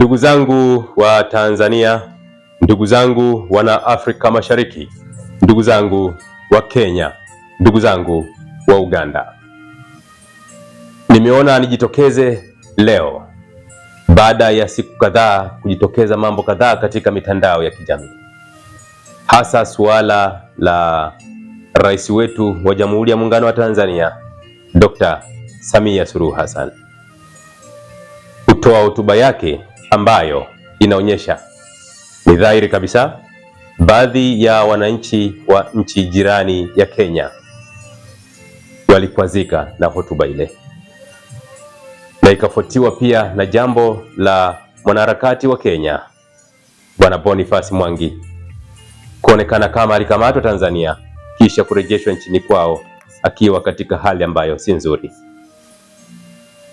Ndugu zangu wa Tanzania, ndugu zangu wana Afrika Mashariki, ndugu zangu wa Kenya, ndugu zangu wa Uganda, nimeona nijitokeze leo baada ya siku kadhaa kujitokeza mambo kadhaa katika mitandao ya kijamii, hasa suala la rais wetu wa Jamhuri ya Muungano wa Tanzania Dr. Samia Suluhu Hassan kutoa hotuba yake ambayo inaonyesha ni dhahiri kabisa baadhi ya wananchi wa nchi jirani ya Kenya walikwazika na hotuba ile, na ikafuatiwa pia na jambo la mwanaharakati wa Kenya Bwana Boniface Mwangi kuonekana kama alikamatwa Tanzania kisha kurejeshwa nchini kwao akiwa katika hali ambayo si nzuri,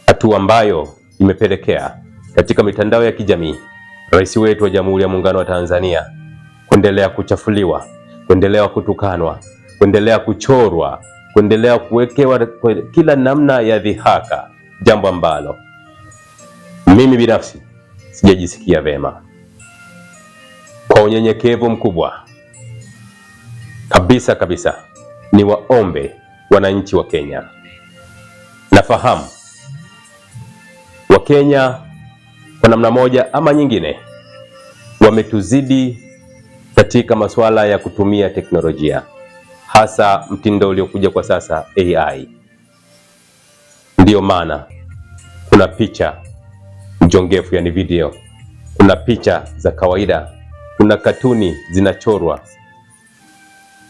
hatua ambayo imepelekea katika mitandao ya kijamii, rais wetu wa Jamhuri ya Muungano wa Tanzania kuendelea kuchafuliwa, kuendelea kutukanwa, kuendelea kuchorwa, kuendelea kuwekewa kila namna ya dhihaka, jambo ambalo mimi binafsi sijajisikia vema. Kwa unyenyekevu mkubwa kabisa kabisa, ni waombe wananchi wa Kenya, nafahamu Wakenya kwa namna moja ama nyingine wametuzidi katika masuala ya kutumia teknolojia, hasa mtindo uliokuja kwa sasa AI. Ndiyo maana kuna picha mjongefu, yani video, kuna picha za kawaida, kuna katuni zinachorwa,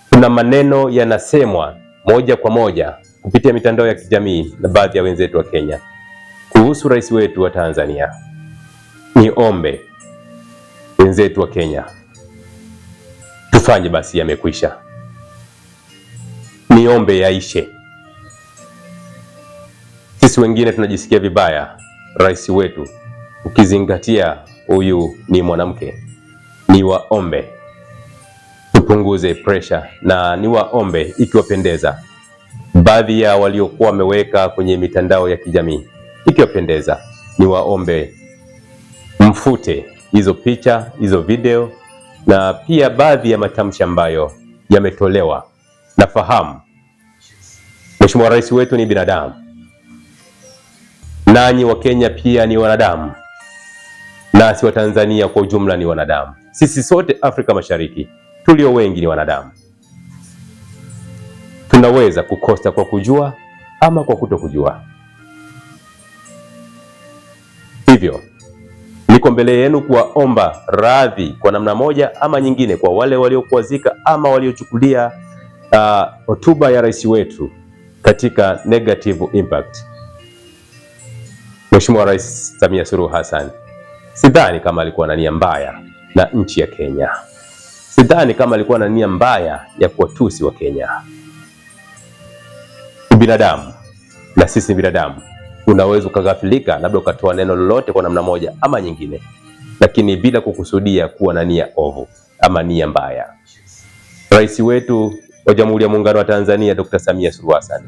kuna maneno yanasemwa moja kwa moja kupitia mitandao ya kijamii na baadhi ya wenzetu wa Kenya kuhusu rais wetu wa Tanzania niombe wenzetu wa Kenya tufanye basi, yamekwisha. Niombe yaishe. Sisi wengine tunajisikia vibaya, rais wetu ukizingatia huyu ni mwanamke. Niwaombe tupunguze presha, na niwaombe ikiwapendeza, baadhi ya waliokuwa wameweka kwenye mitandao ya kijamii, ikiwapendeza niwaombe mfute hizo picha, hizo video na pia baadhi ya matamshi ambayo yametolewa. Nafahamu Mheshimiwa Rais wetu ni binadamu, nanyi wa kenya pia ni wanadamu, nasi tanzania kwa ujumla ni wanadamu. Sisi sote Afrika Mashariki tulio wengi ni wanadamu, tunaweza kukosa kwa kujua ama kwa kuto kujua hivyo mbele yenu kuwaomba radhi kwa namna moja ama nyingine kwa wale waliokuazika ama waliochukulia uh, hotuba uh, ya rais wetu katika negative impact. Mheshimiwa Rais Samia Suluhu Hassan sidhani kama alikuwa na nia mbaya na nchi ya Kenya, sidhani kama alikuwa na nia mbaya ya kuwatusi wa Kenya. Binadamu na sisi binadamu unaweza ukaghafilika, labda ukatoa neno lolote kwa namna moja ama nyingine, lakini bila kukusudia kuwa na nia ovu ama nia mbaya. Rais wetu wa Jamhuri ya Muungano wa Tanzania Dr. Samia Suluhu Hassan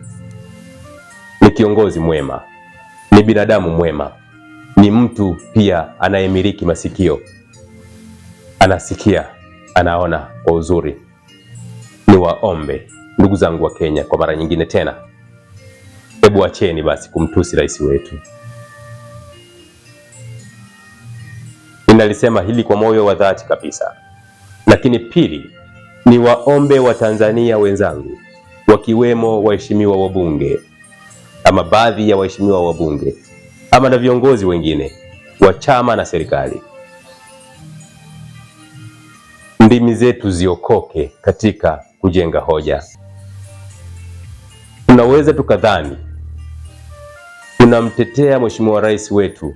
ni kiongozi mwema, ni binadamu mwema, ni mtu pia anayemiliki masikio, anasikia, anaona kwa uzuri. Ni waombe ndugu zangu wa Kenya kwa mara nyingine tena Hebu acheni basi kumtusi rais wetu. Ninalisema hili kwa moyo wa dhati kabisa, lakini pili, ni waombe Watanzania wenzangu wakiwemo waheshimiwa wabunge ama baadhi ya waheshimiwa wabunge ama na viongozi wengine wa chama na serikali, ndimi zetu ziokoke katika kujenga hoja. Tunaweza tukadhani tunamtetea Mheshimiwa Rais wetu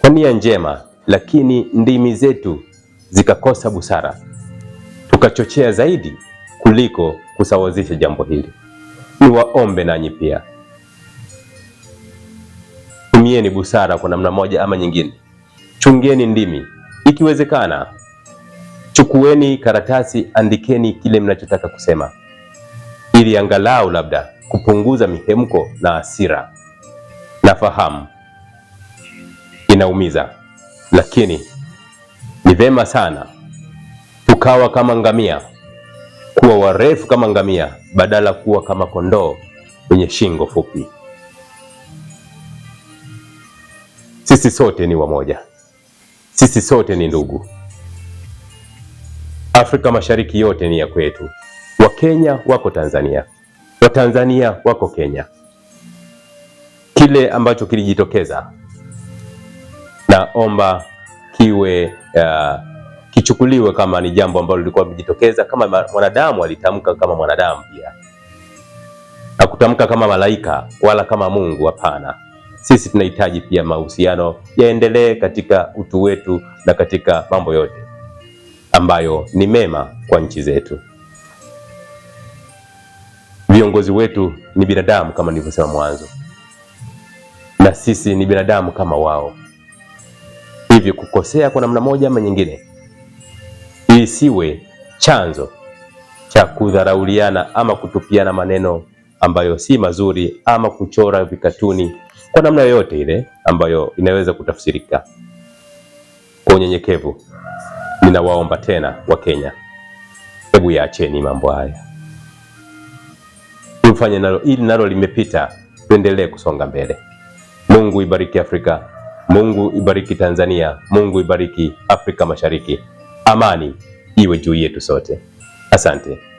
kwa nia njema, lakini ndimi zetu zikakosa busara, tukachochea zaidi kuliko kusawazisha jambo hili. Niwaombe nanyi pia tumieni busara kwa namna moja ama nyingine, chungeni ndimi, ikiwezekana chukueni karatasi, andikeni kile mnachotaka kusema, ili angalau labda kupunguza mihemko na hasira nafahamu inaumiza, lakini ni vema sana tukawa kama ngamia, kuwa warefu kama ngamia, badala kuwa kama kondoo wenye shingo fupi. Sisi sote ni wamoja, sisi sote ni ndugu. Afrika Mashariki yote ni ya kwetu. Wakenya wako Tanzania, Watanzania wako Kenya kile ambacho kilijitokeza naomba kiwe uh, kichukuliwe kama ni jambo ambalo lilikuwa limejitokeza kama mwanadamu alitamka, kama mwanadamu pia kutamka kama malaika wala kama Mungu. Hapana, sisi tunahitaji pia mahusiano yaendelee katika utu wetu na katika mambo yote ambayo ni mema kwa nchi zetu. Viongozi wetu ni binadamu kama nilivyosema mwanzo na sisi ni binadamu kama wao, hivyo kukosea kwa namna moja ama nyingine isiwe chanzo cha kudharauliana ama kutupiana maneno ambayo si mazuri ama kuchora vikatuni kwa namna yoyote ile ambayo inaweza kutafsirika. Kwa unyenyekevu, ninawaomba tena wa kenya hebu yaacheni mambo haya, tufanye nalo ili nalo limepita, tuendelee kusonga mbele. Mungu ibariki Afrika, Mungu ibariki Tanzania, Mungu ibariki Afrika Mashariki. Amani iwe juu yetu sote. Asante.